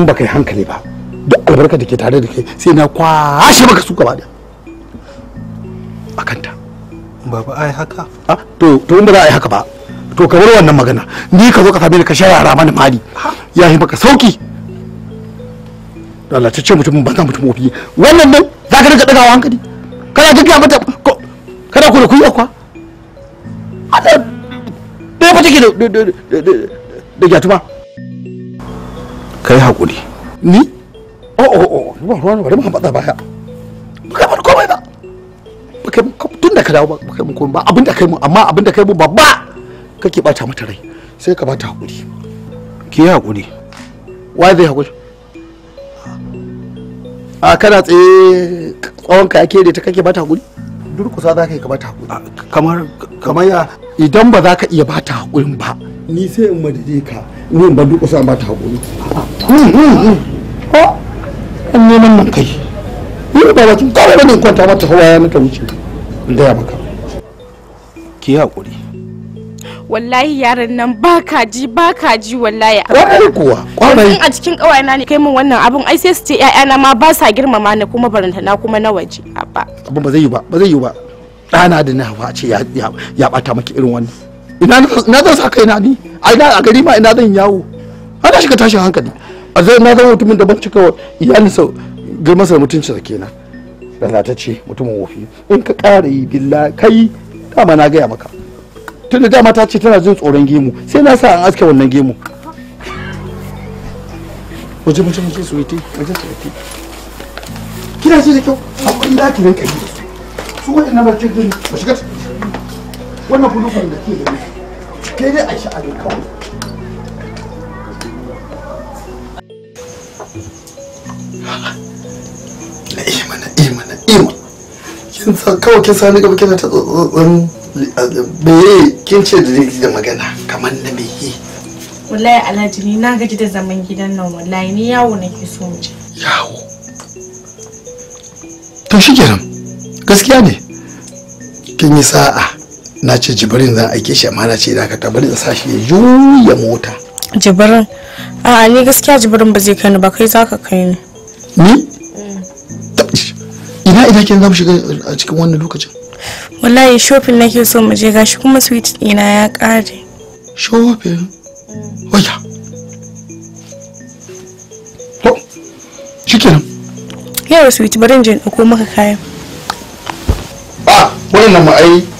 in baka yi hankali ba duk albarka da ke tare da kai sai na kwashe maka su gaba da a kanta baba ai haka to to in ba za a yi haka ba to ka bar wannan magana ni ka zo ka same ni ka shayara mani mali ya yi maka sauki Allah mutumin ce mutum ofi wannan nan za ka rika dagawa hankali kana jigiya mata kana kula kuyi akwa a da ya fata ke da gyatuma kai hakuri. ni o oh, o oh, oh, Ni ba ruwan bari mu haɓata baya baka bar komai ba baka tun da ka dawo kai mun komai ba abinda kai mun amma abinda da kai mu babba kake bata mata rai sai ka bata hakuri. ki hakuri. wa zai hakuri? a kana tsaye tsawon ka yake da ta kake bata hakuri? durkusa za ka yi ka bata hakuri. kamar kamar ya idan ba za ka iya bata hakuri ba ni sai in madade ka ne ba duk ba ta hakuri hmm, hmm, hmm. ko an neman nan kai ni ba ba tun kawai ne kwanta mata ya mata wuce in ya maka ki hakuri wallahi yaran nan ba ka ji ba ka ji wallahi kwarai kuwa kwarai a cikin na ne kai min wannan abun ai sai su ce ƴaƴana ma ba sa girmama ni kuma barantana kuma na waje abba abun ba zai yi ba ba zai yi ba ɗana da na hawa ce ya ɓata maki irin wannan ina zan sa kaina ni ai na a gari ma ina zan yawo ana shiga tashin hankali a zai na zama mutumin da ban cika wa iyalinsa girman sa mutuncin sa kenan ce mutumin wofi in ka ƙara yi billa kai dama na gaya maka tunda dama ta ce tana jin tsoron gemu sai na sa an aske wannan gemu waje waje waje suwiti waje suwiti kina ji da kyau amma da ki su wa'annan barkin din ba shiga wannan fulukun da ke gani ke dai a sha'anin kawai na'ima na'ima na'ima kin san kawai kin sani gaba kina ta tsotson meye kin ce da da magana kamar na meye wallahi alhaji ni na gaji da zaman gidan nan wallahi ni yawo nake so mu je yawo to shi kenan gaskiya ne kin yi sa'a na ce jibirin zan aike shi amma na ce da ka tabbali da sashi ya juya mota jibirin a ni gaskiya jibirin ba zai kai ni ba kai za ka kai ni ni ina ina kin zamu shiga a cikin wannan lokacin wallahi shopping nake so mu je gashi kuma sweet ina ya kare shopping waya to shikenan yawa sweet bari in je dauko maka kayan ba ah, wannan ma ai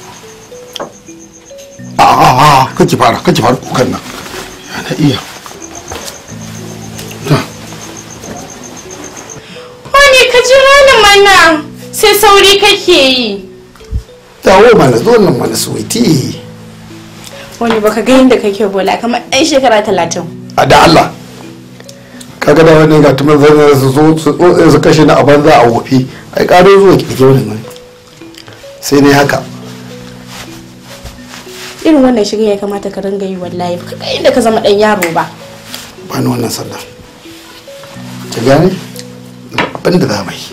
a a kake fara kake fara kukan nan na iya wani ka ji ni mana sai sauri kake yi dawo mana zo nan mana suwiti wani baka ga yadda kake bola kamar ɗan shekara talatin a da Allah kaga da wani ga tumar zan su zo su kashe na a banza a wofi ai ƙaro zuwa kirki wani sai ne haka irin wannan shiga ya kamata ka ringa yi wallahi kaga inda ka zama dan yaro ba ba ni wannan sallah ta gani abin da za yi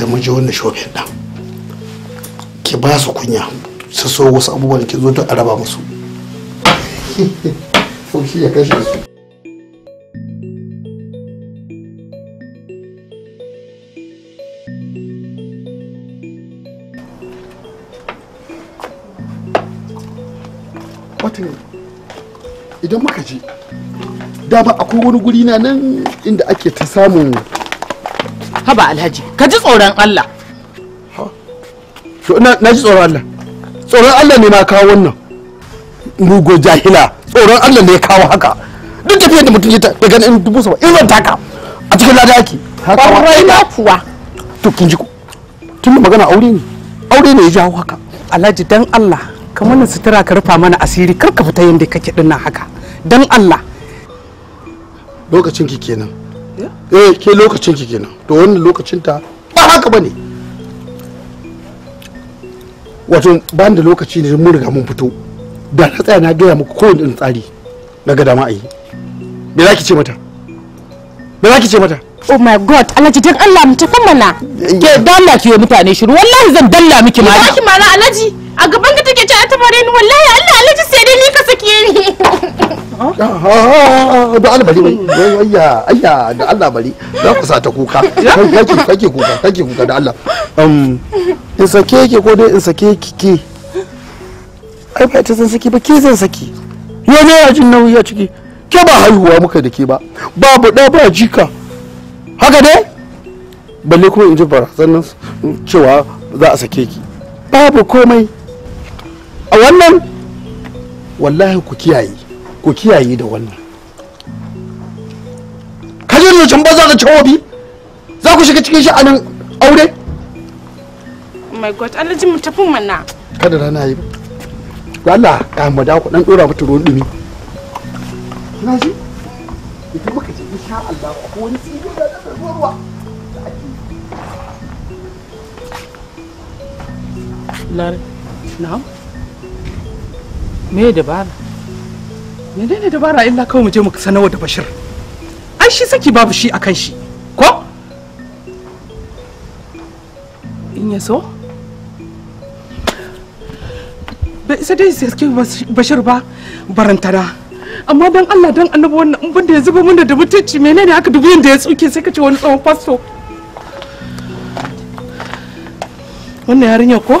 da mu je wannan shofin ɗan ki ba su kunya su so wasu abubuwan ki zo don a raba musu ya kashe su idan muka je da ba akwai wani guri na nan inda ake ta samun haba alhaji ka ji tsoron allah ha na ji tsoron allah tsoron allah ne na kawo wannan mugo jahila tsoron allah ne ya kawo haka duk tafiyar da mutum ya ta gani in dubu saba in zan taka a cikin lada ake kwarai na kuwa to kin ji tun magana aure ne aure ne ya jawo haka alhaji dan allah ka mana sutura ka rufa mana asiri kar ka fita yadda kake dinnan haka don Allah lokacin ki kenan eh ke lokacin ki kenan to wannan lokacin ta ba haka bane wato ban da lokaci ne mun riga mun fito da na tsaya na gaya muku kowane tsari na ga dama me za ki ce mata me za ki ce mata oh my god alhaji dan Allah mu tafi mana eh, eh. ke dalla ki mutane shiru wallahi zan dalla miki Ba ki mana alhaji a gaban ka take ci a tabare ni wallahi Allah ji sai dai ni ka sake ni ah, da Allah bari wai ayya ayya da Allah bari za ku sa ta kuka kake kake kuka kake kuka da Allah um in sake yake ko dai in sake ki ai ba ta san saki ba ke zan saki yo ne ya jin nauyi a ciki ke ba haihuwa muka da ke ba babu da ba jika haka dai balle kuma in ji barazanar cewa za a sake ki babu komai a wannan wallahi ku kiyaye ku kiyaye da wannan ka ji zucin ba za ka cewa bi za ku shiga cikin sha'anin aure oh my god Allah ji mu tafi mana kada rana yi ba Allah ka mu da ku dan dora mata ruwan dumi na ji idan muka ji insha Allah ko wani tsibi da ruwa Lare, na'am. me dabara mene ne dabara in illa kawai mu je mu sanarwa da bashir ai shi saki babu shi a kan shi ko in ya so bai isa dai saki bashir ba barantana amma dan Allah dan annabi wannan in banda ya zuba mana da mutunci menene haka dubu yanda ya tsuke sai ka ce wani tsawon fasto wannan yarinya ko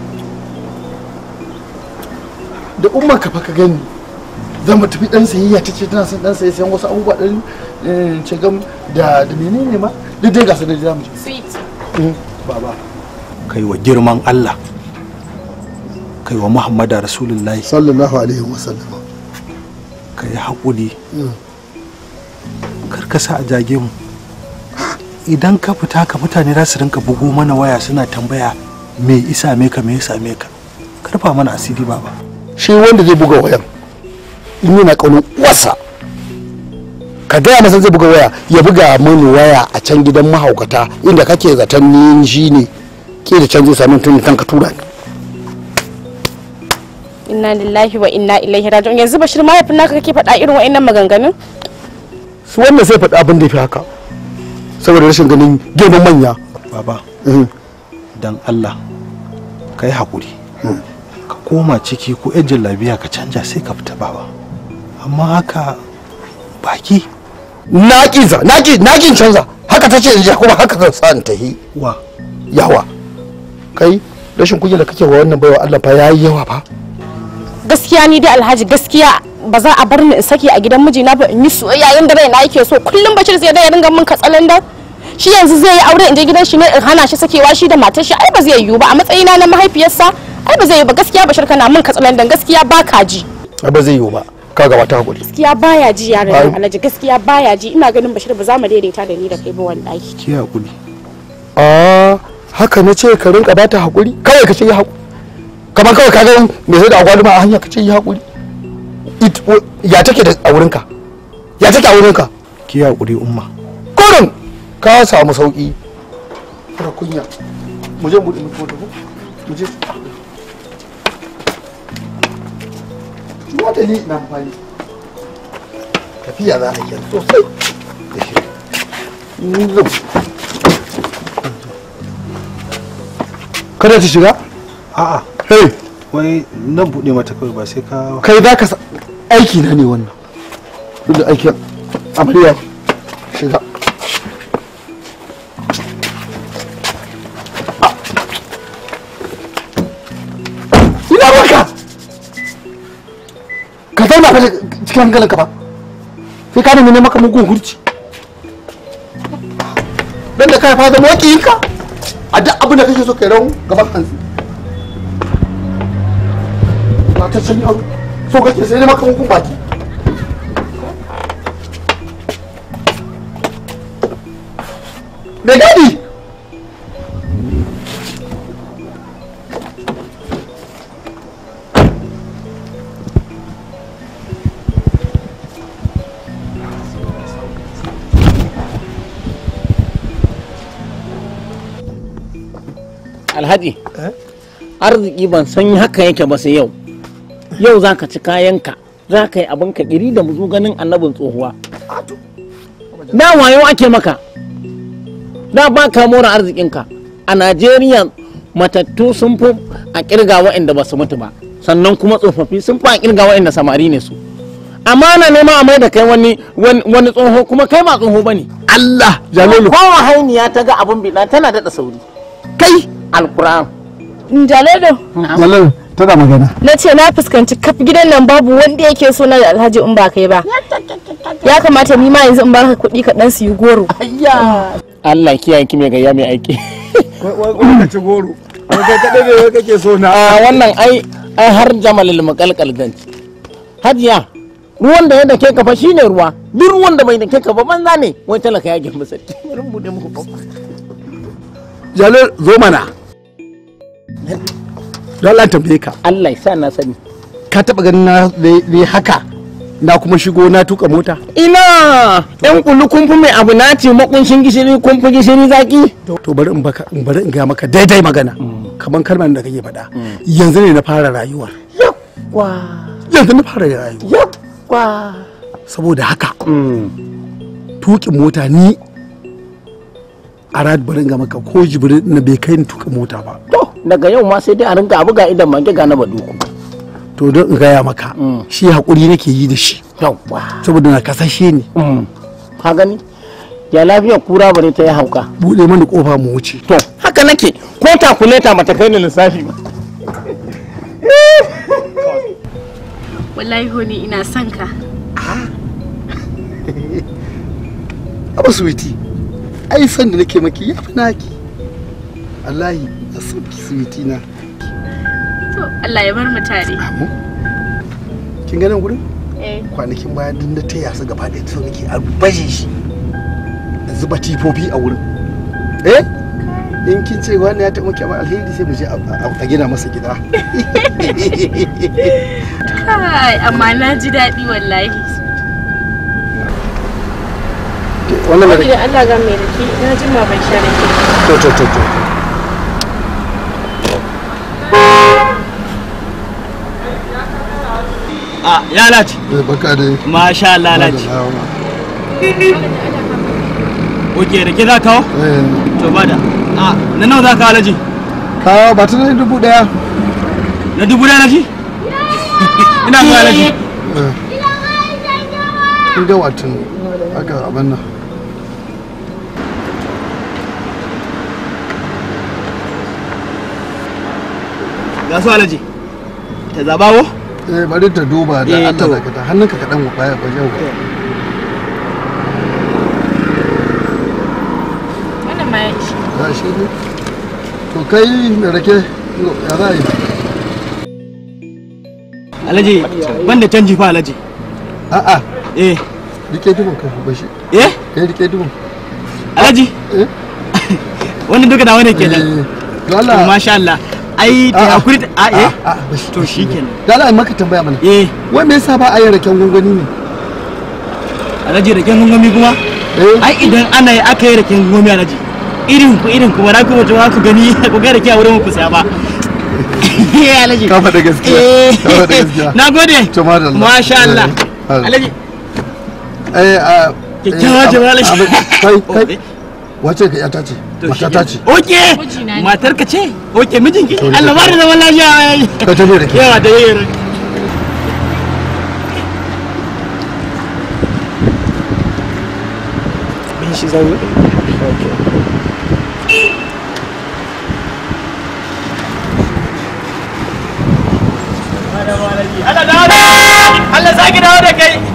da umma ka fa ka gani za mu tafi dan sayayya ta ce tana son dan sayayya sayan wasu abubuwa dan ce eh, gam da da menene ma duk dai ga sanar da mu eh, baba kai wa girman Allah kai wa Muhammadu Rasulullahi sallallahu alaihi wasallam kai hakuri eh. karkasa a jage mu idan ka fita ka mutane za su rinka bugo mana waya suna tambaya me isa me ka me isa me ka karfa mana asiri baba shi wanda zai buga wayan in yana ƙaunar wasa ka gaya masa zai buga waya ya buga mini waya a can gidan mahaukata inda kake zaton ni shi ne ke da canji samun tun kan ka tura ni inna lillahi wa inna ilaihi raji'un yanzu bashir ma yafin naka kake faɗa irin wa'annan maganganun su wannan sai faɗa abin da fi haka saboda rashin ganin girman manya baba eh. dan Allah kai hakuri hmm. koma ciki ko ejin jallabiya ka canja sai ka fita bawa amma haka baki na kiza na ki na kin canza haka ta ce in je kuma haka zan sa ta yi wa yawa kai rashin kuje da kake wa wannan baiwa Allah fa yayi yawa fa gaskiya ni dai alhaji gaskiya ba za a bar ni in saki a gidan mijina ba in yi soyayya yanda raina yake so kullum bashir zai da ya ringa min da shi yanzu zai yi aure in je gidan shi ne in hana shi sakewa shi da matar shi ai ba zai yiwu ba a matsayina na mahaifiyarsa ai ba zai yi ba gaskiya bashir kana min katsalandan gaskiya ba ka ji ba zai yi ba ka gaba ta hakuri gaskiya baya ji yaran nan alhaji gaskiya baya ji ina ganin bashir ba za mu daidaita da ni da kai ba wallahi ki hakuri a haka na ce ka rinka ta hakuri kawai ka ce yi hakuri kamar kawai ka ga me zai da agwaluma a hanya ka ce yi hakuri ya take da a wurinka ya take a wurinka ki hakuri umma kurin ka samu sauki kada kunya mu je mu dinga foto mu je Juwa da ni ina amfani. Tafiya za a yi sosai da shi. Kada ta shiga? A'a. Hey! Wai nan buɗe mata kawai ba sai ka... Kai za ka aiki na ne wannan. Duk da aikin amarya shiga. ba ka cikin hankalinka ba sai ka nemi maka mugun hurci dan da kai fa zama ka a duk abin da kake so kai rawu gaban kansu ba ta san yaro so kake sai maka mugun baki da gadi alhaji arziki ban san haka yake ba sai yau yau za ka ci kayanka za ka yi abinka iri da mu ganin annabin tsohuwa na wayo ake maka na ba ka mora arzikinka a najeriya matattu sun fi a kirga waɗanda ba su mutu ba sannan kuma tsofaffi sun fi a kirga waɗanda samari ne su amana ne ma a mai da kai wani wani tsoho kuma kai ma tsoho bane Allah jamilu kowa hainiya ta ga abun bida tana daɗa sauri kai alkur'an jalalo jalalo tana magana na ce na fuskanci kaf gidan nan babu wanda yake so na da alhaji in ba kai ba ya kamata ni ma yanzu in baka kuɗi ka su yi goro Allah kiyaye ki mai gayya mai aiki wai ka ci goro kai kadai ne kake so na a ah, wannan ai ai har jamalil mukalkal ganci hajiya ruwan da ya dake ka fa shine ruwa duk ruwan da bai dake ka ba banza ne wai talaka ya gemu sarki bari mu da muku jalil zo mana Allah tambaye ka Allah ya sa na sani ka taba ganin na ne haka na kuma shigo na tuka mota ina yan kulu kun fi mai abu na ce makunshin gishiri kun fi gishiri zaki to bari in baka in bari in ga maka daidai magana mm. kaman kalmar da kake faɗa mm. yanzu ne na fara rayuwa yakwa yanzu na fara rayuwa yakwa saboda haka mm. tukin mota ni arad rad bari in ga maka ko jibrin na bai kai ni tuka mota ba to daga yau ma sai dai a rinka abu ga idan mage ga na baduku to don in gaya maka mm. shi hakuri nake yi da shi saboda na kasashe ne mm. ka gani ya lafiya kura bare ta yi hauka bude mana kofa mu wuce to haka nake ko takuleta mata kai ni lissafi ba wallahi honi ina son ka ah. abu suwiti ai san da nake maki ya fi naki wallahi a sauki suwiti na to Allah ya bar mu tare amu kin ganin gurin eh kwanakin baya din na taya su gaba ɗaya sau nake a baje shi zuba tifofi a wurin eh in kin ce wannan ya taɓa ba alheri sai mu je a gina masa gida kai amma na ji daɗi wallahi wannan da Allah ga mai rake na jima ban sha rake to to to to a ah, ya lati eh, baka dai masha Allah lati ok rake za kawo eh. to bada a ah, na nawa za ka alaji kawo ba ta na dubu daya na dubu daya alaji ina ka alaji eh. in ga watan aka abin nan ga su alaji ta zabawo eh bari ta duba da eh, Allah da ka hannunka ka dan baya ba yau wannan ma ya ishi to kai rake ya canji fa Alhaji a'a eh rike dubun ka ba shi eh kai rike dubun Alhaji eh wannan duka da wani kenan to eh, Allah masha Allah ai ah, da ah. hakuri da a ah, eh to shikenan da Allah maka tambaya mana eh wai me yasa ba a yin raken gungumi ne alaji raken gungumi kuma eh. ai idan ana yi aka yi raken gungumi alaji irin ku irin ku bara ku mutum ku gani ku ga rake a wurin ku saya ba eh, alaji ka faɗa gaskiya eh. ka faɗa gaskiya nagode to madalla masha Allah alaji eh a kyakkyawa jama'a alaji kai kai oh, wace ka yata ce mata ta ce oke matar ka ce oke ki Allah bari da ya yi ka tafi da yawa da yi bin shi zai Allah zaki dawo da kai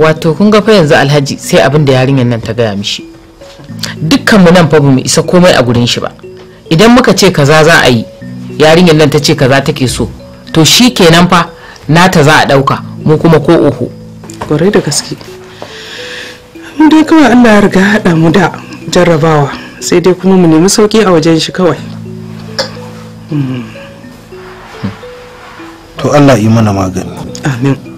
wato kun ga fa yanzu alhaji sai abin da yarinyar nan ta gaya mishi dukkan mu nan fa bamu isa komai a gurin shi ba idan muka ce kaza za a yi yarinyar nan ta ce kaza take so to shi kenan fa nata za a dauka mu kuma ko oho kwarai da gaske mun dai kawai Allah ya riga haɗa mu da jarrabawa sai dai kuma mu nemi sauki a wajen shi kawai hmm. to Allah yi mana magani amin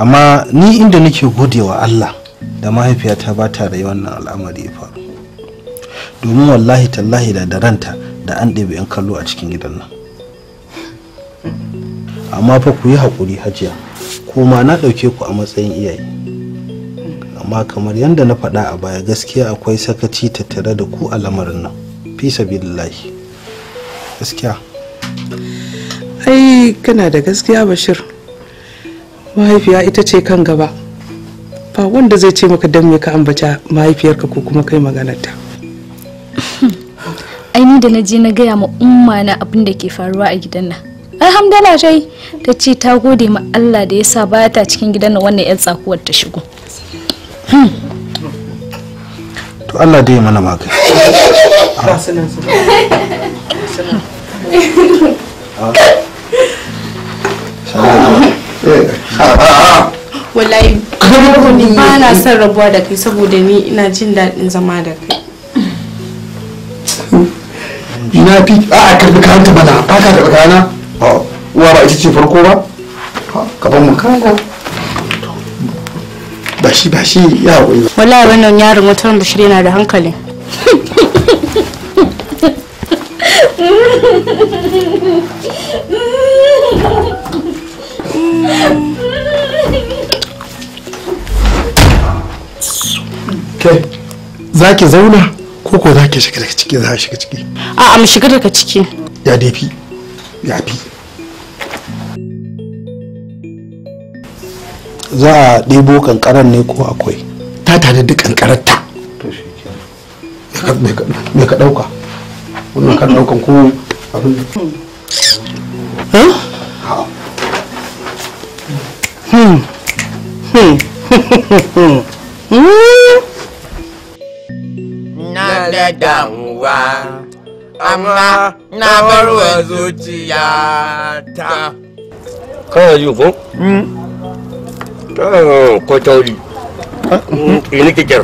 amma ni inda nake godewa Allah da mahaifiyata ba ta da wannan al'amari ya domin wallahi tallahi da daranta da an ɗebe 'yan kallo a cikin gidan nan amma fa ku yi haƙuri hajiya ma na ɗauke ku a matsayin iyaye amma kamar yadda na faɗa a baya gaskiya akwai sakaci tattare da ku a lamarin nan fi sabilillahi gaskiya ai kana da gaskiya bashir mahaifiya ita ce kan gaba ba wanda zai ce maka dan me ka ambata mahaifiyarka ko kuma kai maganarta ai ni da na je na gaya ma umma na abin da ke faruwa a gidan nan alhamdulillah shai ta ce ta gode ma Allah da yasa sa baya ta cikin gidan nan wannan 'yan tsakuwar ta shigo hmm. to Allah dai mana magani wallahi ba na son rabuwa da kai saboda ni ina jin daɗin zama da kai na fi a karbi kayan ta mana ba ka karbi kayana uwa ba ita ce farko ba ka ban mu kaya ba shi ba shi ya haƙuri wallahi wannan yaron wata bashir na da hankali Mm-hmm. Kai, za ki zauna ko ko za ki shiga daga ciki za shiga ciki? A'a mu shiga daga ciki. Ya dai fi, ya fi. Za a ɗebo kankaran ne ko akwai? Ta tare da ƙanƙarar ta. To Me ka ɗauka? Wannan kan ɗaukan ko abin? Ha? na da damuwa amma na baro barwa zuciya ta kana ji ko? Hmm. ko tauri ini hmm, kikir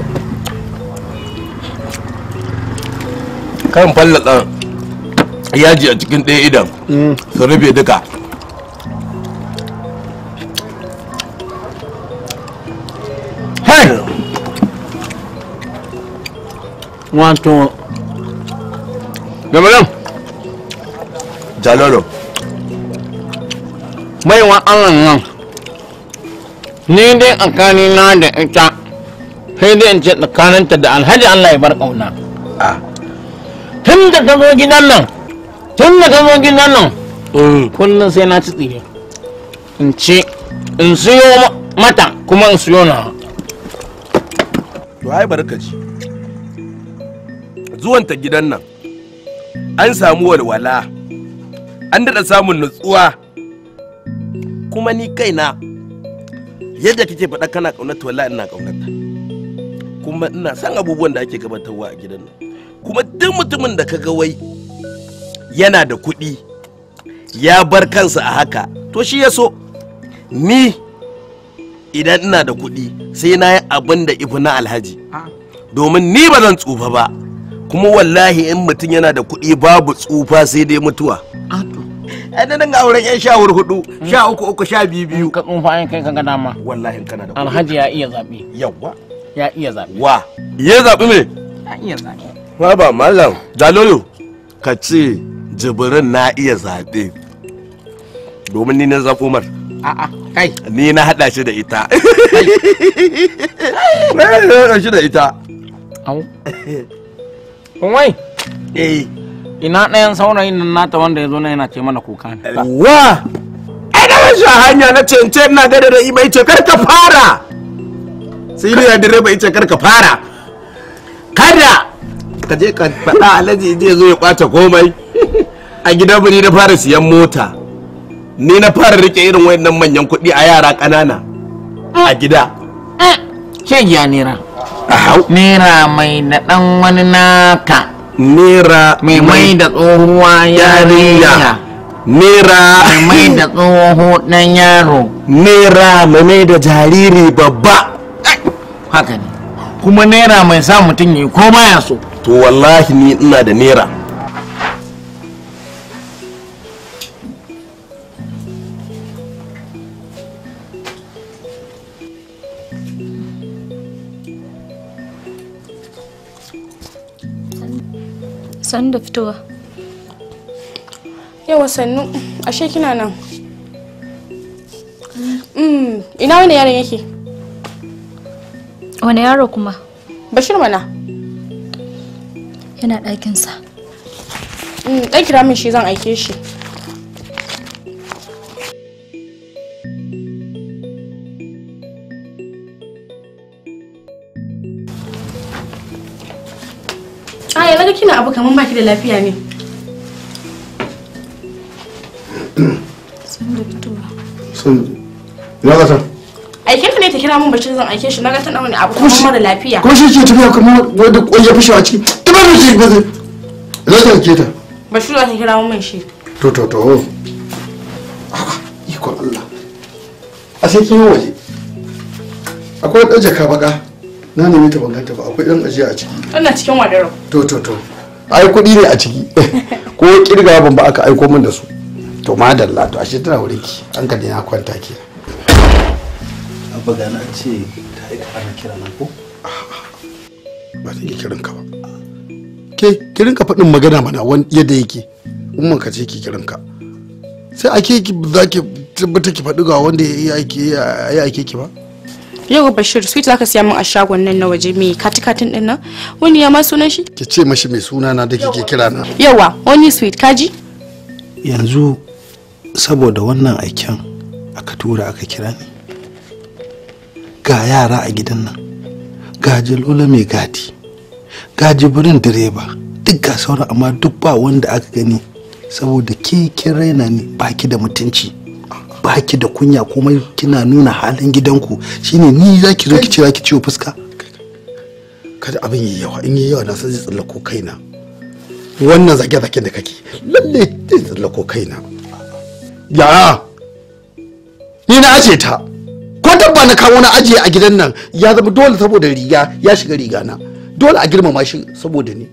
kan fallaka yaji a cikin ɗaya idan hmm. su rufe duka Hey! Wato, gabalan? Jalolo. wa Allah nan, ni dai na da ita, sai dai in ce tsakaninta da alhaji Allah ya bar ƙauna. Ah. Tun da ka zo gidan nan, tun da ka zo gidan nan, mm. kullum sai na ci tsire. In ce, in siyo mata kuma in siyo na. to ai barkaci zuwanta gidan nan an samu walwala an daɗa samun nutsuwa kuma ni kaina yadda kike faɗa kana ƙaunata wallahi ina ƙaunata kuma ina san abubuwan da ake gabatarwa a gidan nan kuma duk mutumin da ka ga wai yana da kuɗi ya bar kansa a haka to shi ya so ni idan ina da kuɗi sai na yi abin da ifi na alhaji ah. domin ni ba zan tsufa ba kuma wallahi in mutum yana da kuɗi babu tsufa sai dai mutuwa ɗan ah, nan ga auren yan shawar hudu hmm. sha uku uku sha biyu biyu ka tsufa yin kai kanka dama wallahi kana da alhaji ya iya zabi yawa ya iya zabi wa ya zabi me ya iya zabi wa ba mallam dalolo ka ce jibrin na iya zabe domin ni na zafo umar a'a kai ni na hada shi da ita na hada shi da ita au wai eh ina ɗayan saurayin nan nata wanda ya zo na yana ce mana kuka ne wa ai da rashin hanya na ce ce ina gada da ibai ce kar ka fara sai ya direba bai ce kar ka fara kada ka je ka faɗa alaji zai zo ya kwace komai a gidan birni na fara siyan mota ni na fara rike irin wayannan manyan kuɗi a yara ƙanana a gida eh. ke giya nera nera mai da ɗan wani naka nera mai mai da tsohuwa yarinya nera mai mai da tsoho ɗan yaro nera mai mai da jariri babba eh, haka ne kuma nera mai sa mutum yi ko baya so to wallahi ni ina da nera san da fitowa yawa sannu ashe kina nan mm, ina wani yaron yake wani yaro kuma bashir mana yana ɗakinsa mm, ɗan kira min shi zan aike shi kina abu kamar baki da lafiya ne san da fitowa san ina ka aike ka ne ta kira mun bacci zan aike shi na ga tana wani abu kuma mara lafiya ko shi ke tafiya kuma wanda kwai ya fushi a ciki tuba da shi ba zai ta ke ta bacci za ta kira mun shi to to to ikon Allah a sai kin waje akwai ɗan jaka baka na nemi ta banganta ba akwai ɗan ajiya a ciki wannan cikin wadaro to to to ai kuɗi ne a ciki ko kirga ban ba aka aiko min da su to madalla to ashe tana wurin ki an ka na kwanta ki abba gana ce ta aika ana kira nan ko ba ta kirin ka ba ke kirin ka faɗin magana mana wani yadda yake umman ka ce ki kirin ka sai ake ki za ki tabbata ki faɗi ga wanda ya yi ake ki ba yau bashir sweet zaka siya min a shagon nan na waje mai katikatin din nan wani ya ma sunan shi ki ce mashi mai suna na da kike kira na yawa wani sweet kaji yanzu saboda wannan aikin aka tura aka kira ni ga yara a gidan nan ga jalula mai gadi ga jibrin direba duk ga sauran amma duk ba wanda aka gani saboda ke kin raina ni baki da mutunci baki da kunya komai kina nuna halin gidanku shine ni zaki zo ki ce ki ciwo fuska kada abin yi yawa in yi yawa na san zai tsallako kaina wannan zage zaken da kake lalle zai tsallako kaina yara ni na aje ta ko dabba na kawo na aje a gidan nan ya zama dole saboda riga ya shiga riga na dole a girmama shi saboda ni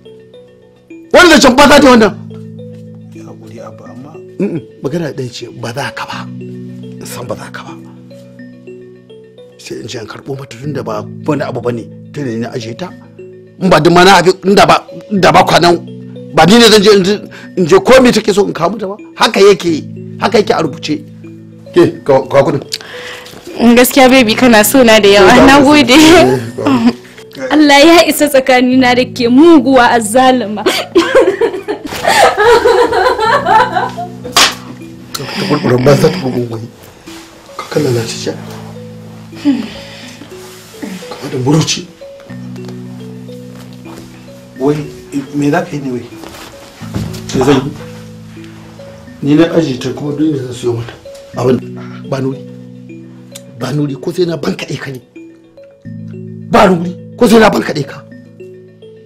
wanda can ba ta wannan magana ɗaya ce ba za ka ba san ba za ka ba sai in je an karɓo mata tunda ba wani abu bane tunda ni na aje ta in ba duk mana inda ba inda ba kwanan ba ni ne zan je in je ko me take so in kamu mata ba haka yake haka yake a rubuce ke ka kudin mm, gaskiya baby kana so na da yawa eh, na gode eh, Allah ya isa tsakanina da ke muguwa a zalima. Ta kurkurin ba za ta kurkurin kalla za ta ja kamar da buruci wai me za ka yi ne wai ce zai yi ni na aji ta kuma duk zan yi mata abin ba nuri ba nuri ko sai na banka ka ne ba nuri ko sai na banka ka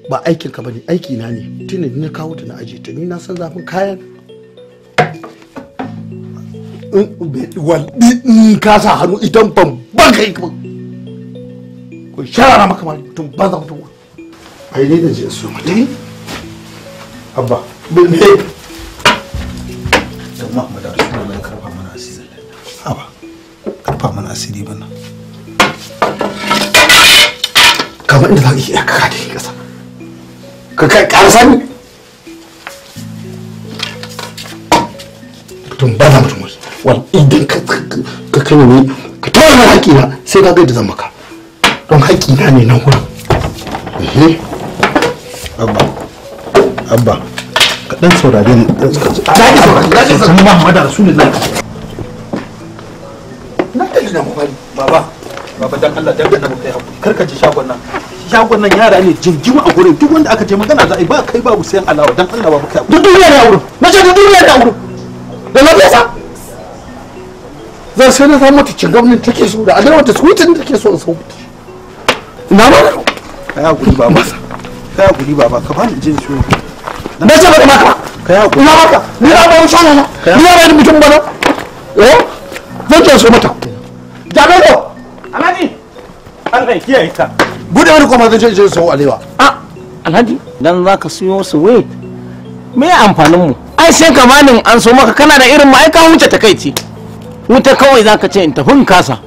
ba aikin ka bane aiki na ne tunda ni na kawo ta na aje ta ni na san zafin kayan in ka sa hannu idan ban ban kai ba ko sharara maka ma tun ban za mutum ai ne da je so mata eh? abba bin ne ma da su da karfa mana asiri abba karfa mana asiri bana kamar inda za ka iya kaka da kasa ka kai karsan tun ban wal idan ka kai ni ka tawo na haƙi na sai ka ga da zan maka don haƙi na ne nan gurin ehe abba abba ka dan saurare ni dan saurare ka ji saurare Muhammadu Rasulullahi na tafi da kwari baba baba dan Allah dan annabi kai hakuri karka ji shagon nan shagon nan yara ne jinjima a gurin duk wanda aka je magana za a yi ba kai babu sayan alawa dan Allah babu kai duk duniya ne a wurin na ce duk duniya ne a wurin da na fesa zan sai na samu ta cin gwamnati take so da adalwa ta sutin take so in sauki ina ba na ka ya guri baba sa ka ya guri baba ka bani jin shi na ce ba maka ka ya guri baba ni na ba shana na ni na ba ni mutum bana eh zan ce so mata jagado alhaji Allah ya kiyaye ta bude wani kuma zan ce je so alewa a alhaji dan zaka siyo su wait me amfanin mu ai sai kamanin an so maka kana da irin ma'aikatan huce ce wuta kawai za ka ce in tafi kasa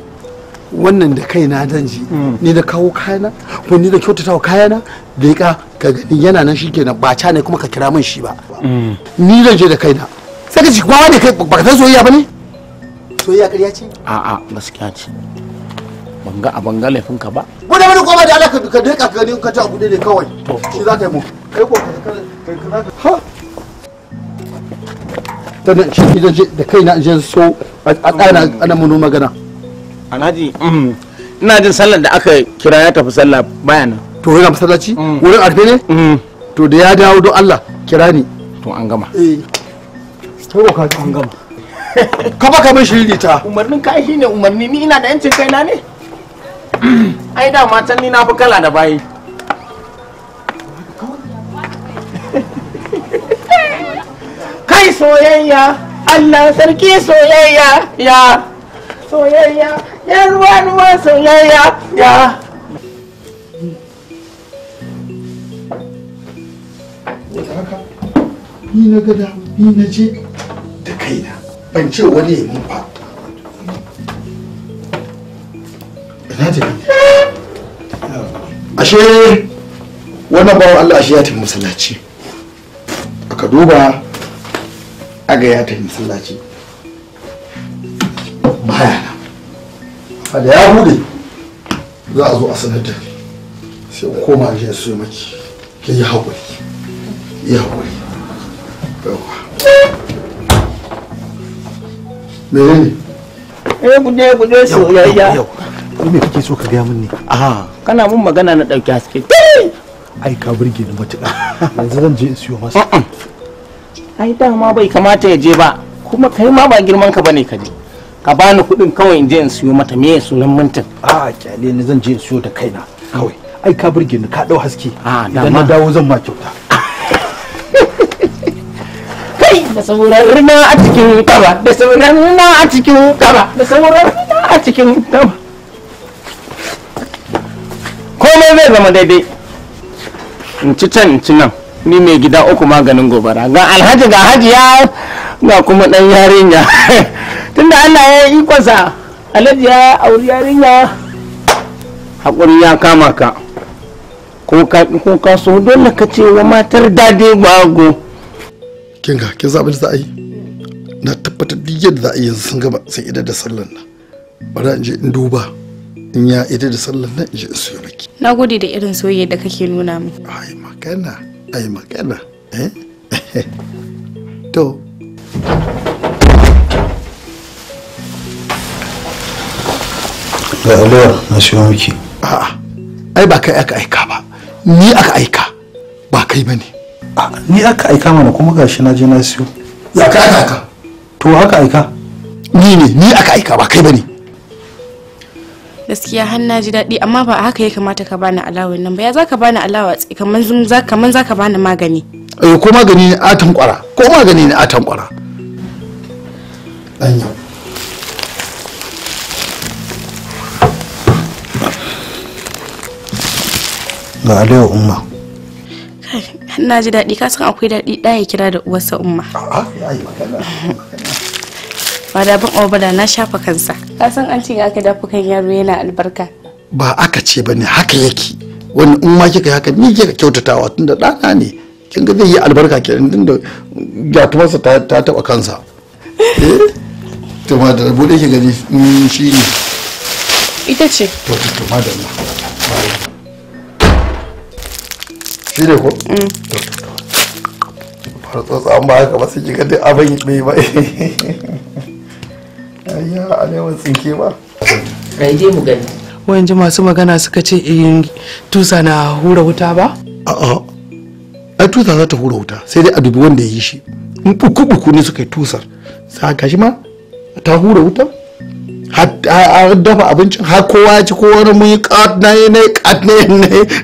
wannan da kaina zan ji hmm. ni da kawo kayana ko ni da kyautata wa kayana da ya ka gani yana nan na. ba ca ne kuma ka kira min shi ba hmm. ni zan je da kaina sai ka ci kwa wani kai ba ka soyayya ba ne soyayya kariya ce a'a gaskiya ce ban ga a banga laifin ka ba wani bane ko da alaka ka dai ka gani ka ta abu ne kawai shi za ka yi mu kai ko ka ka ha ta nan shi da kaina in je so a tsana ana munu magana alhaji mm, ina jin sallar da aka kira ya tafi sallah baya nan to yana masallaci mm. wurin arfe ne mm. to da ya dawo don Allah kira ni to an gama eh ka an ka mai shiri ta umarnin kai shine umarni ni ina da yancin kaina ne ai da matan ni na fi kala da bayi kai soyayya Allah sarki soyayya ya soyayya ya ruwa ruwa soyayya ya ni na gada ni na je da kaina ban ce wani ya mun ba ina ce ashe wannan bawan Allah ashe ya tafi masallaci aka duba aga ya tafi masallaci baya na da ya bude za a zo a sanar da sai koma je su yi maki ke yi haƙuri yi haƙuri yawa me ne eh ya gude soyayya me kake so ka gaya min ne a kana mun magana na ɗauki haske ai ka burge ni matuƙa yanzu zan je in siyo masa ai dama bai kamata ya je ba kuma kai ma ba girman ka bane ka je ka bani kuɗin kawai in je in siyo mata me sunan mintin a kyale ni zan je in siyo da kaina kawai ai ka burge ni ka dau haske idan na dawo zan ma kyauta kai da sauran rina a cikin kaba da sauran na a cikin kaba da sauran rina a cikin kaba komai zai zama daidai in ci can in ci nan ni mai gida uku maganin gobara ga alhaji ga hajiya ga kuma dan yarinya tunda allah ya yi ikonsa alhaji ya auri yarinya hakuri ya kama ka ko ka so dole ka ce wa matar dade gwago kinga kin zabi za a yi na tabbatar duk yadda za a yi yanzu sun gaba sun idar da sallan nan bari in je in duba in ya idar da sallan nan in je in siyo maki na gode da irin soyayya da kake nuna min ai magana a yi magana eh? to da alawar na siyo miki a'a ai ba kai aka aika ba ni aka aika ba kai bane ni aka aika mana kuma gashi na je na siyo ya ka aka to haka aika ni ne ni aka aika ba kai bane gaskiya har na ji daɗi amma ba haka ya kamata ka bani alawa nan ba ya zaka bani alawa kaman za kaman zaka bani magani eh ko magani ne atan kwara ko magani ne atan kwara danya ga alewa umma na ji daɗi ka san akwai daɗi ɗaya kira da uwarsa umma a'a ba da bin obada na shafa kansa ka san an ce aka dafa kan yaro yana albarka ba aka ce bane haka yake wani in ma kika haka ni kika kyautatawa tunda ɗana ne kin ga zai yi albarka kenan tunda gatumarsa ta taba kansa eh to ma da bude ki gani shi ne ita ce to to ma da shi ne ko har mm. tsotsa ba haka ba sai ki ga dai abin mai bai ayya alewan tsinke ma ai dai mu gani wayan ji masu magana suka ce eh, in tusa na hura wuta ba a'a ai tusa za ta hura wuta sai dai a dubi wanda ya yi shi in buku buku ne suka yi tusar sa gashi ma ta hura wuta har dafa abincin har kowa ci ko na muyi yi kat na ne ne kat ne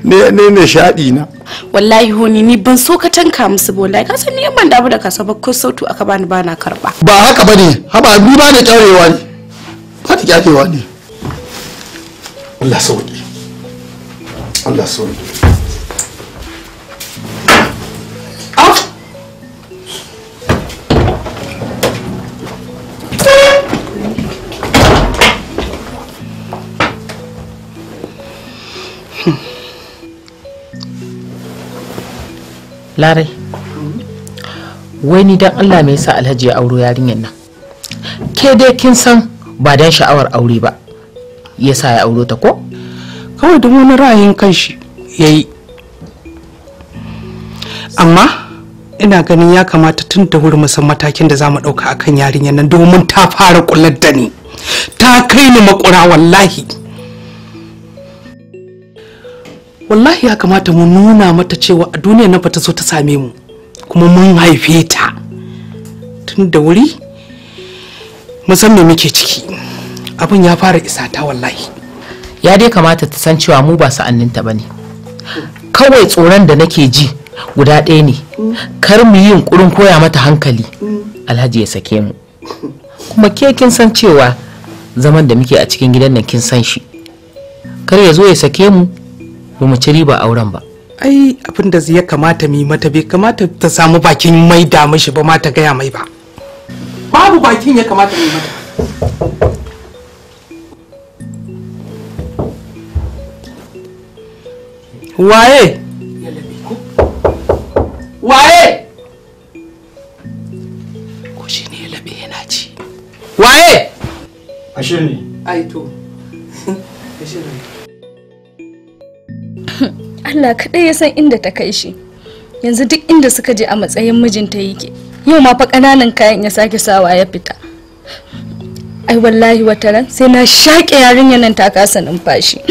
ne ne ne shaɗi na wallahi honi ni ban so ka tanka musu ba wallahi kasan ni ban damu da kasa ba ko sautu aka bani bana karba ba haka ba ne haba ni ba ne kyarewa ne ba ta kyarewa ne Allah sauki Allah sauki larai wai ni dan allah me yasa alhaji ya auro yarinyar nan ke dai kin san ba dan sha'awar aure ba yasa ya auro ta ko kawai da wani ra'ayin kanshi ya yi amma ina ganin ya kamata tun da wuri musan matakin da za mu ɗauka akan yarinyar nan domin ta fara kullar da ni ta kai ni makura wallahi wallahi ya kamata mu nuna mata cewa a duniya na ta zo ta same mu kuma mun haife ta tun da wuri san me muke ciki abin ya fara isa ta wallahi ya dai kamata ta san cewa mu ba sa'anninta ba ne kawai tsoron da nake ji guda ɗaya ne kar mu yi yunkurin koya mata hankali alhaji ya sake mu kuma ke kin san cewa zaman da muke a cikin gidan nan kin san shi kar ya zo ya sake mu ba mu ci riba auren ba ai abin da ya kamata mi mata bai kamata ta samu bakin mai da mishi ba ma ta gaya mai ba babu bakin ya kamata mi mata waye waye ko shi ne ya labe yana ci waye ashe ne ai to ashe ne Allah kaɗai ya san inda ta kai shi yanzu duk inda suka je a matsayin mijinta yake yau ma fa ƙananan kayan ya sake sawa ya fita ai wallahi wata ran sai na shaƙe yarinyar nan ta kasa numfashi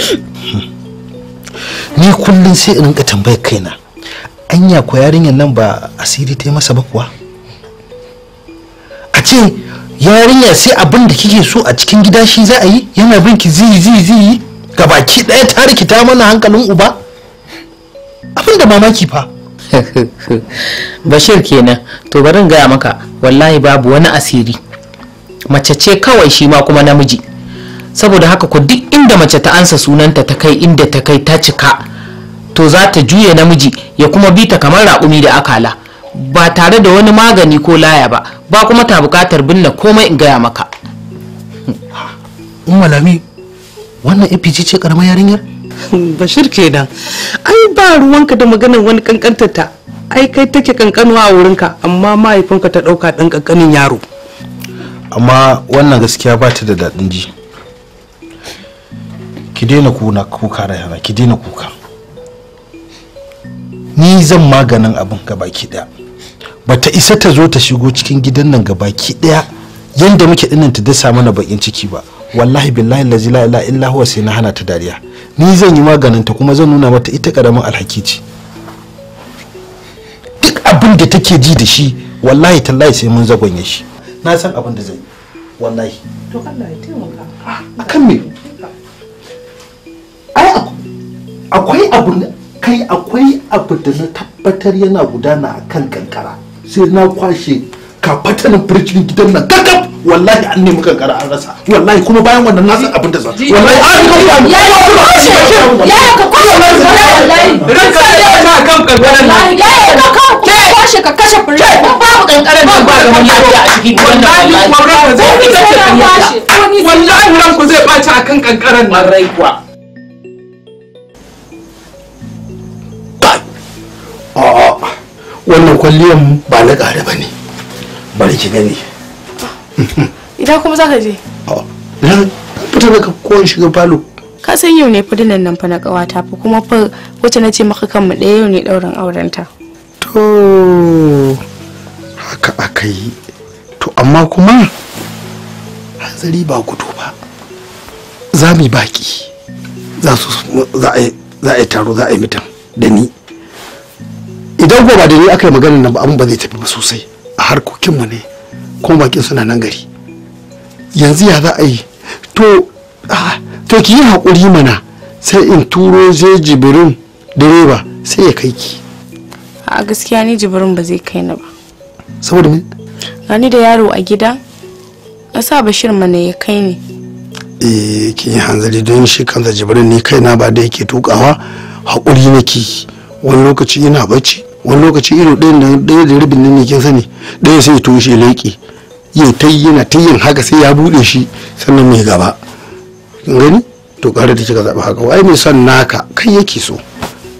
ni kullum sai in ka tambayar kaina anya ko yarinyar nan ba asiri ta yi masa ba kuwa a ce yarinya sai abin da kike so a cikin gida shi za a yi yana bin ki zi zi zi gabaki ɗaya ta rikita mana hankalin uba abin da mamaki fa bashir kenan to bari in gaya maka wallahi babu wani asiri mace ce kawai shi ma kuma namiji saboda haka ku duk inda mace ta ansa sunanta ta kai inda ta kai ta cika to za ta juya namiji ya kuma bi ta kamar raƙumi da akala ba tare da wani magani ko laya ba ba kuma ta buƙatar binne komai in gaya maka wannan apg ce karamar yarinyar bashir kenan ai ba ruwanka da maganar wani kankantar ta ai kai take kankanuwa a wurin ka amma mahaifinka ta dauka dan kankanin yaro amma wannan gaskiya ba ta da daɗin ji ki daina kuna kuka da yana ki daina kuka ni zan maganin abin gabaki daya bata isa ta zo ta shigo cikin gidan nan gabaki daya yanda muke dinnan ta dasa mana bakin ciki ba wallahi billahi lazi la ila illa huwa sai na hana ta dariya ni zan yi maganinta kuma zan nuna mata ita karamin alhaki ce duk abin da take ji da shi wallahi tallahi sai mun zagonye shi na san abin da zai wallahi to Allah ya taimaka akan me ai akwai abu kai akwai abu da na tabbatar yana gudana akan kankara sai na kwashe ka fatanin firjin gidan nan kakaf wallahi an nemi kankara an rasa wallahi kuma bayan wannan na san abin da za wallahi an ya ka kwashe wallahi ya kan kankaran nan ya ya ka kwashe ka kashe firjin ba babu kankaran nan ba zaman lafiya a cikin wannan wallahi wallahi ranku zai baci akan kankaran nan rai wannan kwalliyan ba na ƙare ba ne bari ki gani idan kuma zaka je fita daga kowane shiga falo ka san yau ne fudunan nan fa na ta fa kuma fa wacce na ce maka kanmu ɗaya yau ne ɗaurin aurenta to haka aka yi to amma kuma hanzari ba gudu ba za mu baki za su za a yi taro za a yi mitan da ni idan ba da ni aka yi maganin nan ba abin ba zai tafi ba sosai harkokinmu ne kuma bakin suna nan gari yanzu ya za a yi to to ki yi haƙuri mana sai in turo zai jibirin direba sai ya kai ki a gaskiya ni jibirin ba zai kai ni ba saboda me gani da yaro a gida na sa bashir mana ya kai ni eh kin yi hanzari don shi kansa jibirin ni kaina ba da yake tukawa haƙuri nake wani lokaci ina bacci wani lokaci ido ɗayan da ɗaya da rabin nan ne kin sani ɗaya sai ya shi leƙi yau ta yana ta yin haka sai ya buɗe shi sannan mai gaba kin gani to ƙara da kika zaɓi haka wai mai son naka kai yake so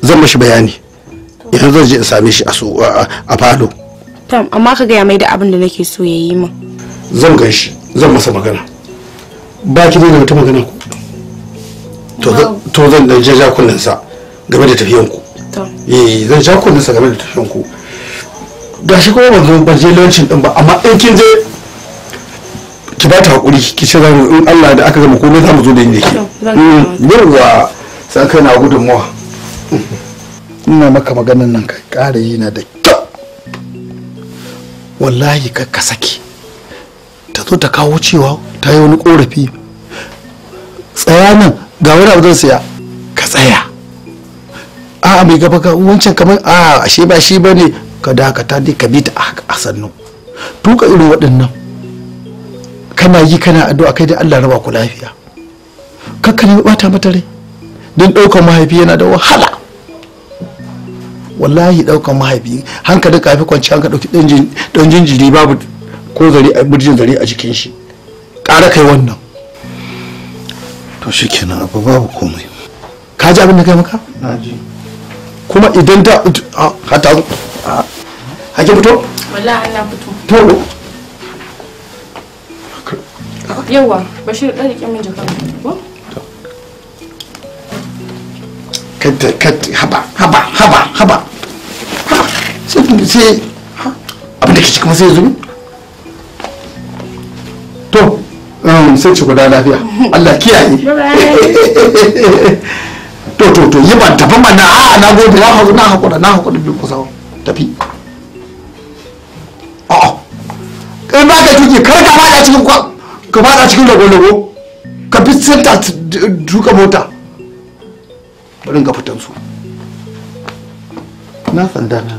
zan mashi bayani yanzu zan je in same shi a falo tam amma ka gaya mai da abin da nake so ya yi min zan gan shi zan masa magana ba ki da wata magana to zan dan jaja kullun sa game da tafiyan ku eh zan sha kunnin sa game da tashin ku ga shi kuma ban zo ban je lancin din ba amma in kin je ki ba ta hakuri ki ce zamu in Allah da aka gama komai zamu zo da yin yake mm, yawa sai kai na gudunmuwa ina maka maganan nan ka ƙara yi da kyau wallahi ka ka saki ta zo ta kawo cewa ta yi wani korafi tsaya nan ga wani abu zan saya ka tsaya a mai gaba ka wancan kamar a ashe ba shi ba ne ka dakata dai ka bi ta a sannu tuka irin waɗannan kana yi kana addu'a kai da Allah raba ku lafiya kakkani ne bata mata rai don ɗaukar mahaifi yana da wahala wallahi ɗaukar mahaifi hankalin kafi kwanci hanka ɗauki ɗan jinjiri babu ko zari a birjin zari a jikin shi ƙara kai wannan to shi kenan abu babu komai ka ji abin da kai maka na ji kuma idan da hata zu hake fito? wala ala fito to yawa bashir da rike min jakar ko? kada kada haba haba haba haba haba sai abin da ke cikin sai zuwa to um, sai ci guda lafiya Allah kiyaye to to to yi ban tafi mana a na gobe na haƙura na haƙura na haƙura bi kusa tafi a'a in ba ka tuki kar ka fada cikin kwa ka fada cikin lago lago ka fi sirta duka mota bari ga fitan su na sanda na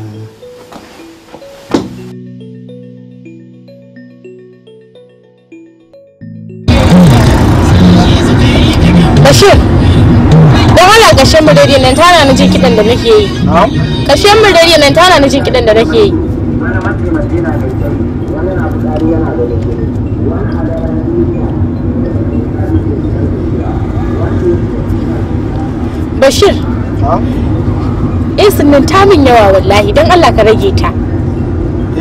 a ƙarshen mu dare nan tana na jin kidan da nake yi ƙarshen mu dare nan tana na jin kidan da nake yi Bashir Esin nan ta min yawa wallahi don Allah ka rage ta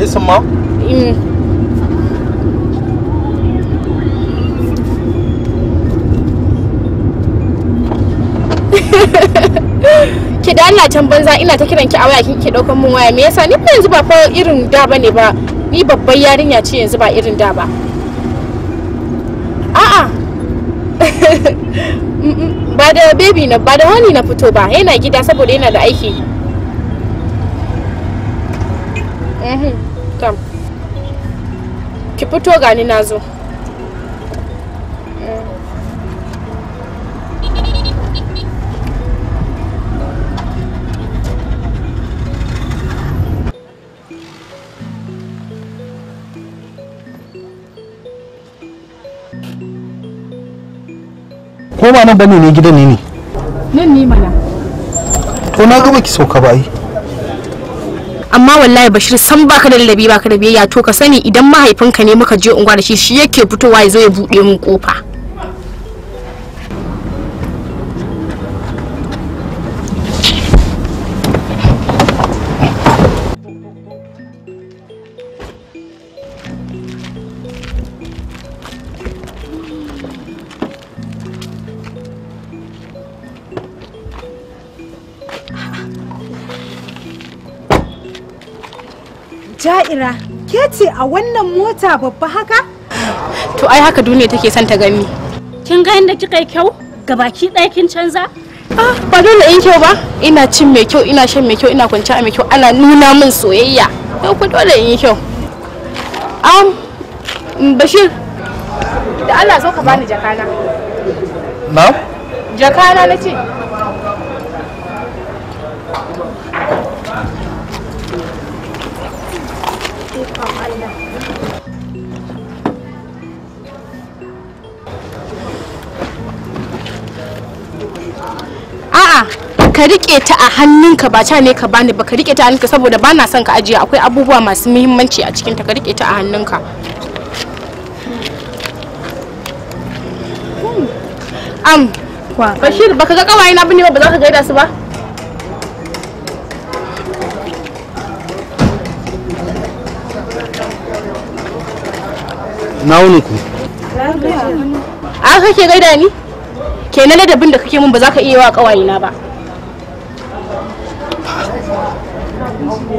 Esin ma? Mm. da Allah can banza ina ta kiran ki a waya kike daukan mun waya me yasa ni ba yanzu ba fa irin da bane ba ni babban yarinya ce yanzu ba irin da ba a'a mm, mm, ba da baby na ba da wani na fito ba yana gida saboda yana da aiki mhm. ki fito gani na zo ko ba nan bane ne gidan ne ne nan ne mana to na ga baki sauka ba ai amma wallahi bashir san baka da lalabi baka da biyayya to ka sani idan mahaifinka ne muka je unguwa da shi shi yake fitowa ya zo ya buɗe mun kofa ja'ira ke ce a wannan mota babba haka to ai haka duniya take son ta gani kin ga inda kika yi kyau baki ɗaya kin canza ah ba dole in kyau ba ina cin mai kyau ina shan mai kyau ina kwanciya mai kyau ana nuna min soyayya yau ku dole in yi kyau am bashir da Allah zo ka bani jakana na jakana na ce ka rike ta a hannunka ba ca ne ka bani ba ka rike ta a hannunka saboda ba na son ka ajiye akwai abubuwa masu muhimmanci a cikinta ka rike ta a hannunka am bashir baka ga kawayen na ne ba ba za ka gaida su ba na wuni ku a kake gaida ni kenan ladabin da kake mun ba za ka iya wa na ba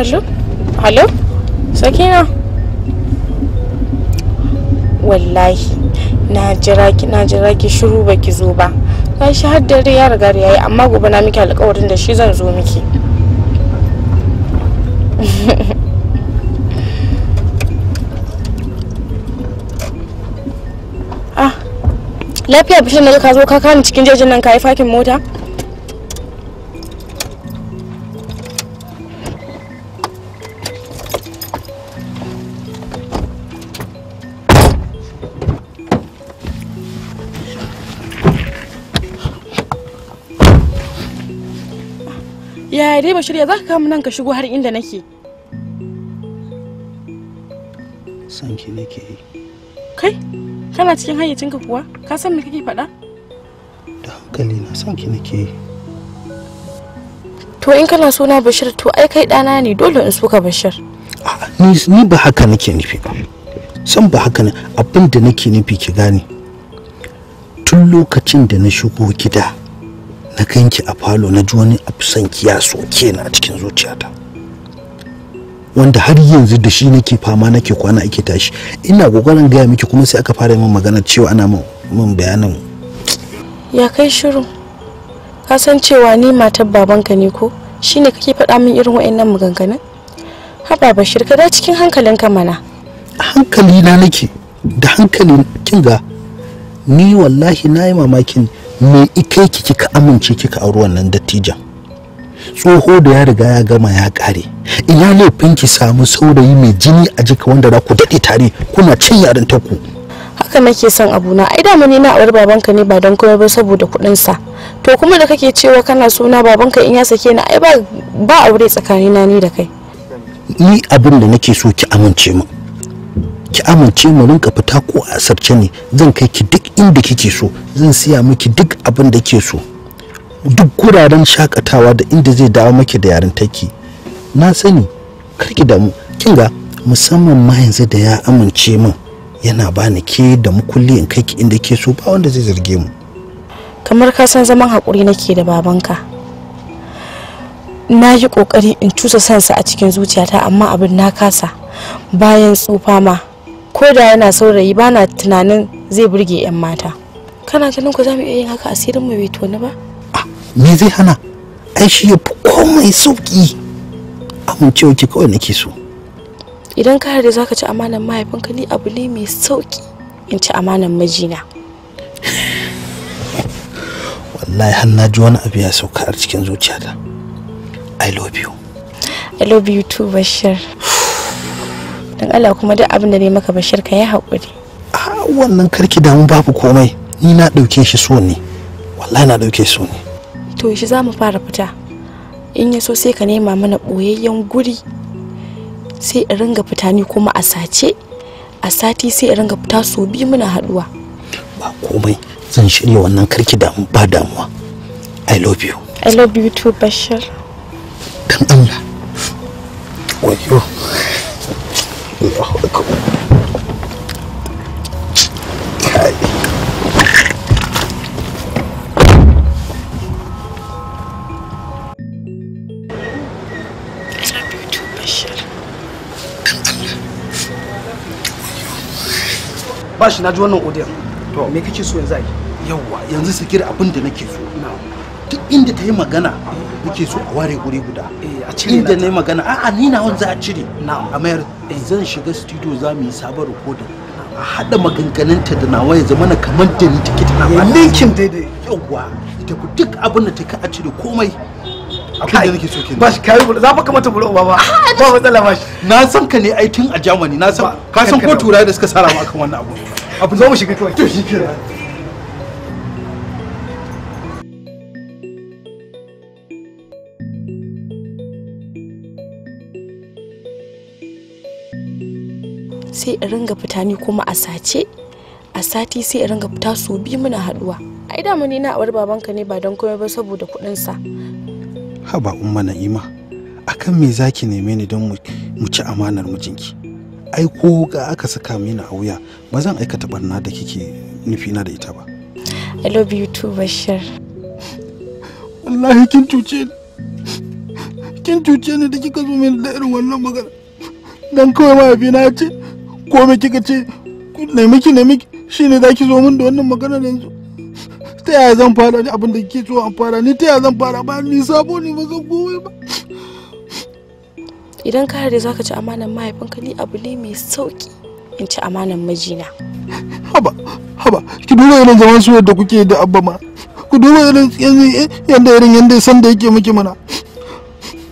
hallo hallo sakina wallahi na jira ki na jira ki shiru baki zo ba na shi har dare ya riga yayi amma gobe na miki alƙawarin da shi zan zo miki ah lafiya bishin da ka zo ka kani cikin jejin nan ka yi fakin mota yaya dai ba shirya za ka kama nan ka shigo har inda nake san ki nake yi kai kana cikin hayyacinka kuwa ka san me kake faɗa da hankali na san ki nake yi to in kana so na bashir to ai kai ɗana ne dole in suka bashir ni ba haka nake nufi ba san ba haka ne abin da nake nufi ki gane tun lokacin da na shigo gida na kanki a falo na ji wani abu ki ya soke na a cikin zuciyata wanda har yanzu da shi nake fama nake kwana ake tashi ina kokarin gaya miki kuma sai aka fara min magana cewa ana min bayanin ya kai shiru ka san cewa ni matar babanka ne ko shine kake faɗa min irin wa'annan maganganun haba bashir ka da cikin hankalinka mana hankali na nake da hankali kin ni wallahi na yi mamakin me ike ki kika amince kika auri nan dattijan tsoho da ya riga ya gama ya kare ina laifin ki samu saurayi mai jini a jika wanda za ku daɗe tare kuna cin yaran ku haka nake son abu na, ai da ne na aure babanka ne ba don komai ba saboda kuɗin sa to kuma da kake cewa kana suna babanka in ya sake ni ai ba ba aure tsakanina ni da kai ni abin da nake so ki amince mu. ki amince mu rinka fita ko a sarce ne zan kai ki duk inda kike so zan siya miki duk abin da kike so duk guraren shakatawa da inda zai dawo maki da yarintaki na sani kar ki damu kin musamman ma yanzu da ya amince min yana bani ke da mukulli in kai ki inda kike so ba wanda zai zarge mu kamar ka san zaman hakuri nake da babanka na yi ƙoƙari in cusa sansa a cikin zuciyata amma abin na kasa bayan tsufa ma ko da yana saurayi ba na tunanin zai burge 'yan mata kana ganin ku za mu iya yin haka asirin mu bai toni ba ah, me zai hana ai shi ya fi komai sauki amincewa ki kawai nake so idan ka yarda zaka ci amanan mahaifinka ni abu ne mai sauki in ci amanan mijina wallahi har na ji wani abu ya sauka a cikin zuciyata i love you i love you too bashir don Allah kuma duk abin da ne maka bashir ka yi haƙuri ah, wannan karki damu babu komai ni na ɗauke shi so ne wallahi na ɗauke so ne to shi za mu fara fita in ya so sai ka nema mana ɓoyayyen guri sai in ringa fita ni kuma a sace a sati sai in ringa fita so biyu muna haɗuwa ba komai zan shirya wannan karki damu ba damuwa i love you i love you too bashir dan Allah wayo bashi na ji wannan odiyan to me kake so yanzu ai yawa yanzu su kira abin da nake so na'am duk inda ta yi magana muke so a ware guri guda eh, inda na yi magana a'a ni na wani za a cire a mayar eh. zan shiga studio za mu yi sabon rikodin a haɗa maganganunta da nawa ya zama na kamar da ni take tana ba linkin daidai yawwa ita ku duk abin da take a cire komai kai da nake so kenan bashi kai za fa kamata bulu ba ba ba matsala bashi na san ka ne ai tun a Germany na san ka san ko turai da suka sara mu akan wannan abu abu zo mu shiga kawai to shikenan sai in ringa fita ni kuma a sace a sati sai in ringa fita su bi muna haduwa ai da ni na awar babanka ne ba don komai ba saboda kuɗin sa ba umma na'ima akan me zaki neme ni don mu ci amanar mijinki ai ko ga aka saka mini a wuya ba zan aikata barna da kike nufi na da ita ba i love you too bashir wallahi kin cuce ni kin cuce ni da kika zo min da irin wannan magana dan kawai mahaifina ya ce komai kika ce na miki na miki shine zaki zo min da wannan magana yanzu ta yaya zan fara ni abin da kike so an fara ni ta yaya zan fara ba ni sabo ne ba zan komai ba idan ka yarda zaka ci amanan ka ni abu ne mai sauki in ci amanan mijina haba haba ki duba irin zaman su da kuke da abba ma ku duba irin yanda irin yanda san da yake miki mana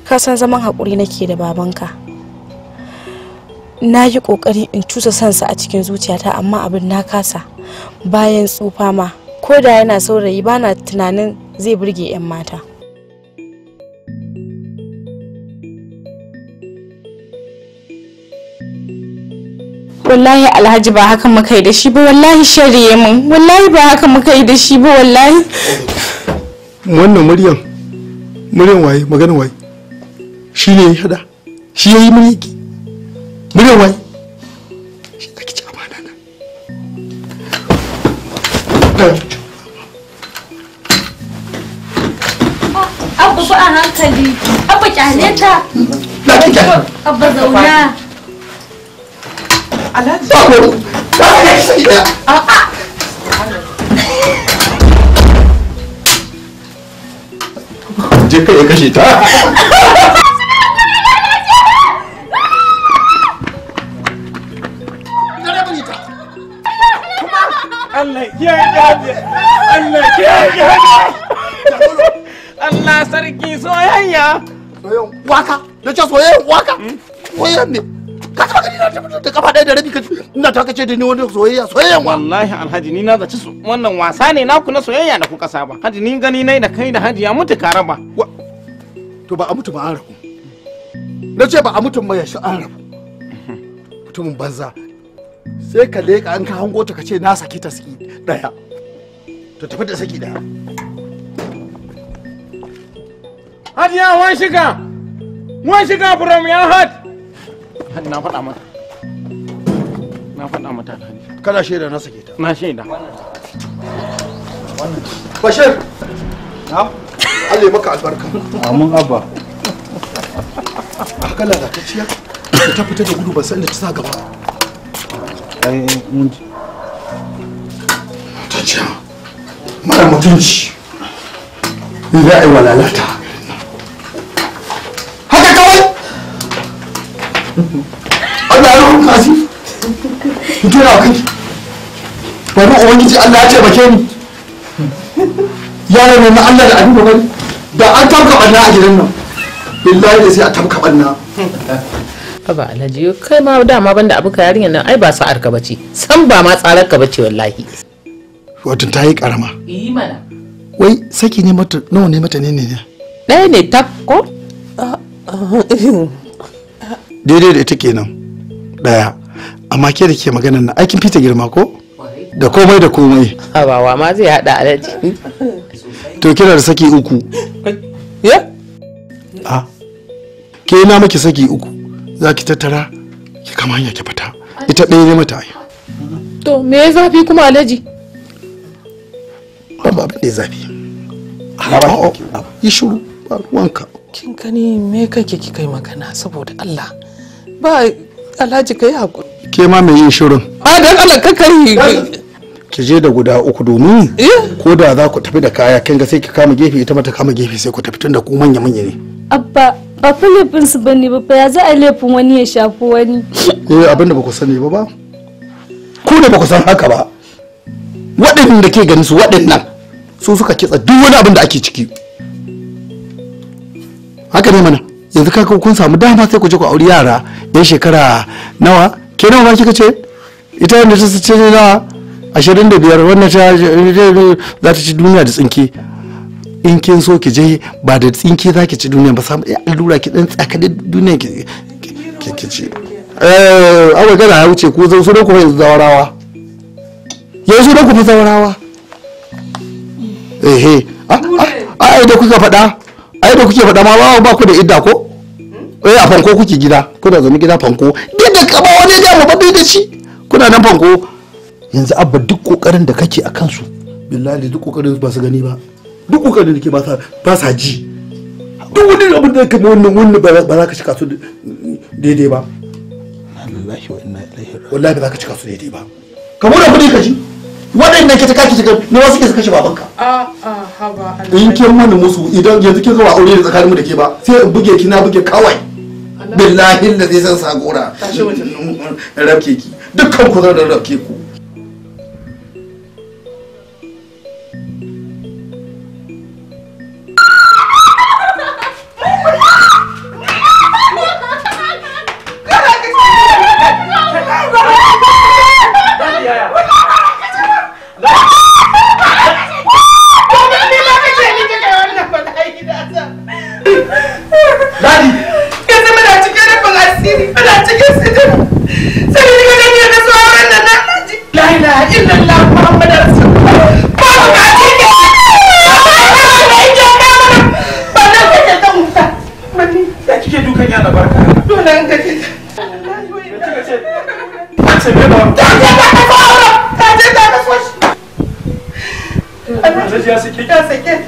ka san zaman haƙuri nake da babanka na yi ƙoƙari in cusa sansa a cikin zuciyata amma abin na kasa bayan tsufa ma ko da yana saurayi bana tunanin zai burge 'yan mata wallahi alhaji ba haka muka yi da shi ba wallahi shari'e mun wallahi ba haka muka yi da shi ba wallahi wannan muryan muryan waye maganin waye shi ne ya hada shi ya yi muryaki Muryar wai. Shi ake ci amana na. Abba ba a hankali. Abba kyale ta. Na ci kyale. Abba zauna. Alhaji. Ba Ba ka ta. Allah ya gaje Allah ya gaje Allah sarki soyayya soyayya waka na ce soyayya waka hmm? soyayya ne ka taba gani na tabbata da kafa ɗaya da rabi ka ina ta kace da ni wani soyayya soyayya wa wallahi alhaji ni na zaci su wannan wasa ne naku na soyayya da kuka saba haji ni gani nai da kai da haji ya mutu ka raba to ba a mutu ba an rabu na ce ba a mutu ba ya shi an rabu hmm. mutumin banza sai ka leka an ka hango ta ka ce na saki ta saki daya to tafi da saki hadi ya wan shiga wan shiga from ya hat na faɗa mata na faɗa mata hadi kana shaida na sake ta na shaida bashir na Allah ya maka albarka amin abba haka lalatacciya ta fita da gudu ban san da ta sa gaba ai mun ji tajiya mara mutunci ni za a yi walalata haka kawai Allah ya rubuta kasi ki tura kai bari ubangiji Allah ya taimake ni yaro ne Allah da abin da da an tabka banna a gidan nan billahi da sai a tabka banna haba alhaji kai ma dama banda abu ka yarinya nan ai ba sa'ar ka bace san ba ma tsarar ka bace wallahi wato ta yi karama yi mana wai saki ne mata nawa ne mata ne ne ɗaya ne ta ko daidai da ita kenan ɗaya amma ke da ke maganar na aikin fita girma ko da komai da komai wa ma zai hada alaji to kina da saki uku ya a ah. ke na maki saki uku za ki tattara ki kama hanya ki fita ita ɗaya ne mata ayo to me ya zafi kuma alaji ba abin da ya zafi oh, oh, yi shiru ba wanka kin gani me kake ki kai magana saboda Allah ba alhaji kai hakuri ke ma mai yin shirin a dan Allah ka kai ki je da guda uku domin eh? ko da za ku tafi da kaya kin ga sai ki kama gefe ita mata kama gefe sai ku tafi tunda ku manya manya ne abba ba fa laifinsu ba ne ba fa ya za a laifin wani ya shafi wani eh abinda ba ku sani ba ba ku ne ba ku san haka ba waɗannan da ke ganin su waɗannan su suka kitsa duk wani abin da ake ciki haka ne mana yanzu ka kun samu dama sai ku je ku auri yara yan shekara nawa ke nawa ba kika ce ita yadda ta ce nawa ashirin da biyar wannan ta za ta ci duniya da tsinke in kin so ki je ba da tsinke za ki ci duniya ba samu allura ki dan tsaka da duniya ki ki ci eh awai gana ya wuce ko zan so da ku yanzu zawarawa yanzu da ku fa zawarawa eh eh ah, ah, ah, ai da kuka faɗa ai da kuke faɗa ma ba ku da idda ko hmm? eh a fanko kuke gida kuna zaune gida fanko gida kaba wani ya mu babu da shi kuna nan fanko yanzu abba duk kokarin da kake akan su billahi duk kokarin ba su gani ba duk kokarin da ke ba sa ji duk wani abin da kama wannan wannan ba za ka cika su daidai ba wallahi ba za ka cika su daidai ba kamar abin da ka ji waɗannan kita kaki shiga na wasu kisa kashe babanka in ke musu idan yanzu ke zuwa aure da tsakaninmu da ke ba sai in buge ki na buge kawai billahi da zai san sagora rabke ki dukkan ku zan rabke ku Dadi. Yanzu muna cikin rufin asiri, muna cikin sitir. Sai ni ga gani ga sauran nan na naji. La ilaha illallah Muhammad Rasulullah. Ba mu ka ji ne. Ba na kake ta musa. Mani, da kike dukan yana barka. Dole an kake. Ta ce me ba. Ta ce ta ka fara. Ta ce ta ka fashi. Allah ya sake. Ya sake.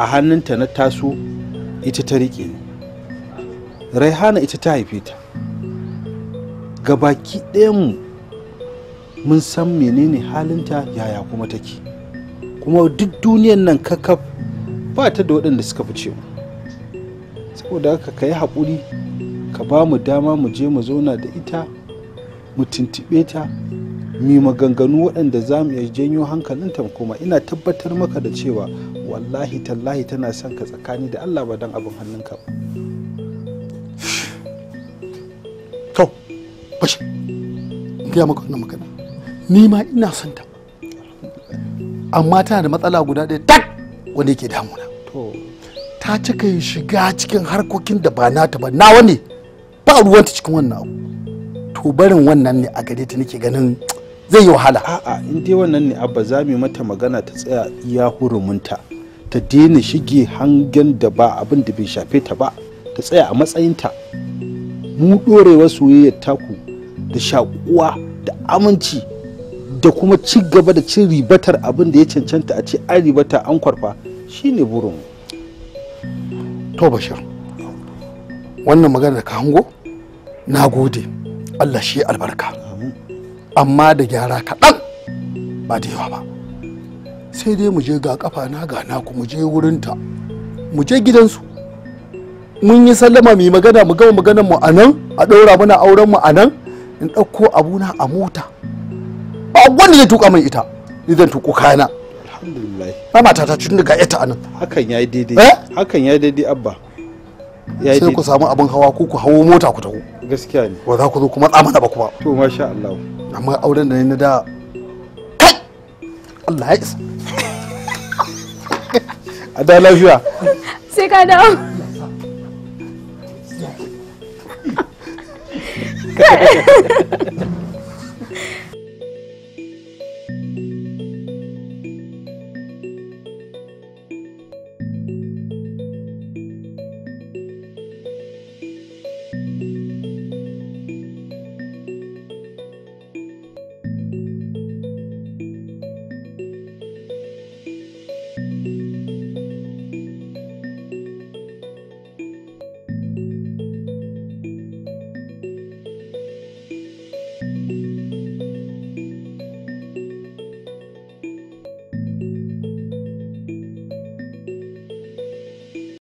a hannunta na taso ita ta riƙe ni raihana ita ta haife ta ga gabaki ɗayanmu mun san menene halinta yaya kuma take kuma duk duniyan nan kakaf ba ta da waɗanda suka fice mu saboda haka ka yi haƙuri ka ba mu dama mu je mu zauna da ita mu tuntuɓe ta mi maganganu waɗanda za mu iya janyo hankalin ta kuma ina tabbatar maka da cewa wallahi tallahi tana son ka tsakani da allah ba don abin hannunka ba to bashi gaya maka wannan magana ni ma ina son ta amma tana da matsala guda ɗaya tak wanda yake damuna ta cika yin shiga cikin harkokin da ba nata ba nawa ne ba ruwanta cikin wannan abu to barin wannan ne a gare ta nake ganin zai yi wahala a'a in dai wannan ne abba za mu mata magana ta tsaya iya hurumunta ta daina shige hangen da ba abin da bai shafe ta ba ta tsaya a matsayinta mu ɗorewa soyayyar taku da shakuwa da aminci da kuma ci gaba da cin ribatar abin da ya cancanta a ce an ribata an kwarfa shine burin to bashir wannan magana da ka hango na gode allah shi albarka amma da gyara kaɗan ba da yawa ba sai dai mu je ga kafa na ga na ku mu je wurinta mu je gidansu mun yi sallama mu yi magana mu gama maganar mu a nan a ɗaura mana auren mu a nan in ɗauko abuna a mota ba wanda zai tuka min ita ni zan tuko kayana alhamdulillah ba mata ta tun daga ita anan. hakan yayi daidai eh? hakan yayi daidai abba sai ku samu abin hawa ku ku hawo mota ku taho gaskiya ne ba za ku zo kuma tsamana ba kuma to masha Allah amma auren da na da Allah ya isa a da lafiya sai ka dawo